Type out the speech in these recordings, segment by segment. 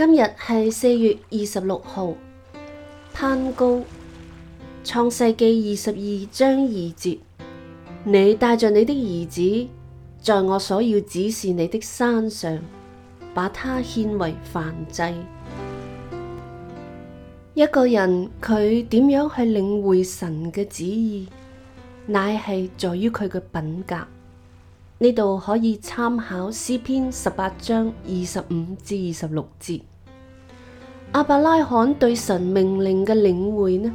今日係四月二十六號，攀高創世紀二十二章二節。你帶着你的兒子，在我所要指示你的山上，把他獻為燔祭。一個人佢點樣去領會神嘅旨意，乃係在於佢嘅品格。呢度可以參考詩篇十八章二十五至二十六節。阿伯拉罕對神命令嘅領會呢，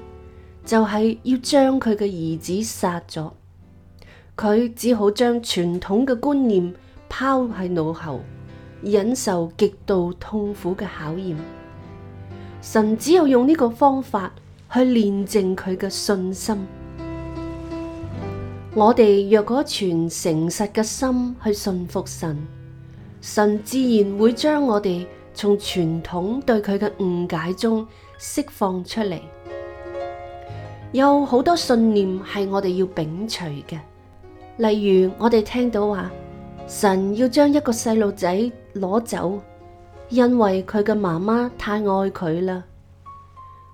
就係、是、要將佢嘅兒子殺咗，佢只好將傳統嘅觀念拋喺腦後，忍受極度痛苦嘅考驗。神只有用呢個方法去煉淨佢嘅信心。我哋若果全誠實嘅心去信服神，神自然會將我哋。從傳統對佢嘅誤解中釋放出嚟，有好多信念係我哋要摒除嘅。例如我哋聽到話神要將一個細路仔攞走，因為佢嘅媽媽太愛佢啦。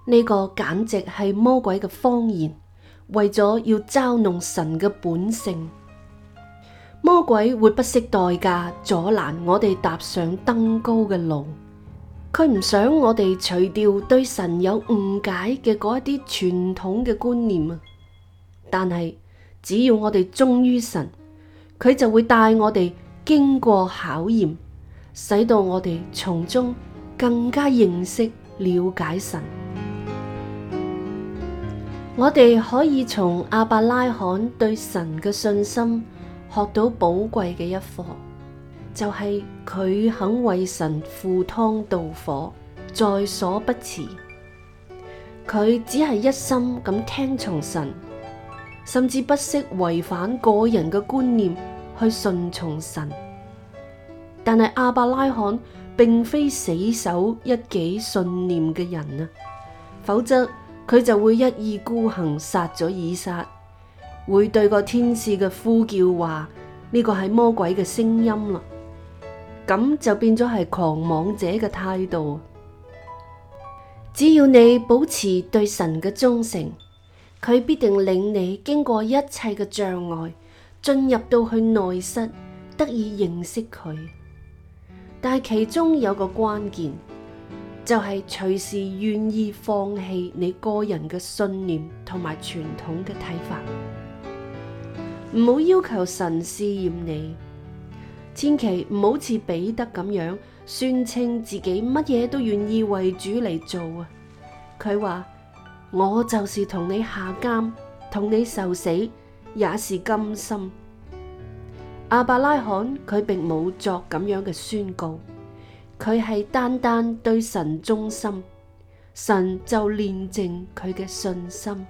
呢個簡直係魔鬼嘅謊言，為咗要嘲弄神嘅本性。魔鬼會不惜代價阻攔我哋踏上登高嘅路，佢唔想我哋除掉對神有誤解嘅嗰一啲傳統嘅觀念啊。但係只要我哋忠於神，佢就會帶我哋經過考驗，使到我哋從中更加認識、了解神。我哋可以從阿伯拉罕對神嘅信心。學到寶貴嘅一課，就係佢肯為神赴湯蹈火，在所不辭。佢只係一心咁聽從神，甚至不惜違反個人嘅觀念去順從神。但係亞伯拉罕並非死守一己信念嘅人啊，否則佢就會一意孤行殺咗以撒。會對個天使嘅呼叫話呢個係魔鬼嘅聲音啦，咁就變咗係狂妄者嘅態度。只要你保持對神嘅忠誠，佢必定領你經過一切嘅障礙，進入到去內室，得以認識佢。但係其中有個關鍵，就係隨時願意放棄你個人嘅信念同埋傳統嘅睇法。唔好要求神試驗你，千祈唔好似彼得咁樣宣稱自己乜嘢都願意為主嚟做啊！佢話我就是同你下監，同你受死，也是甘心。亞伯拉罕佢並冇作咁樣嘅宣告，佢係單單對神忠心，神就煉淨佢嘅信心。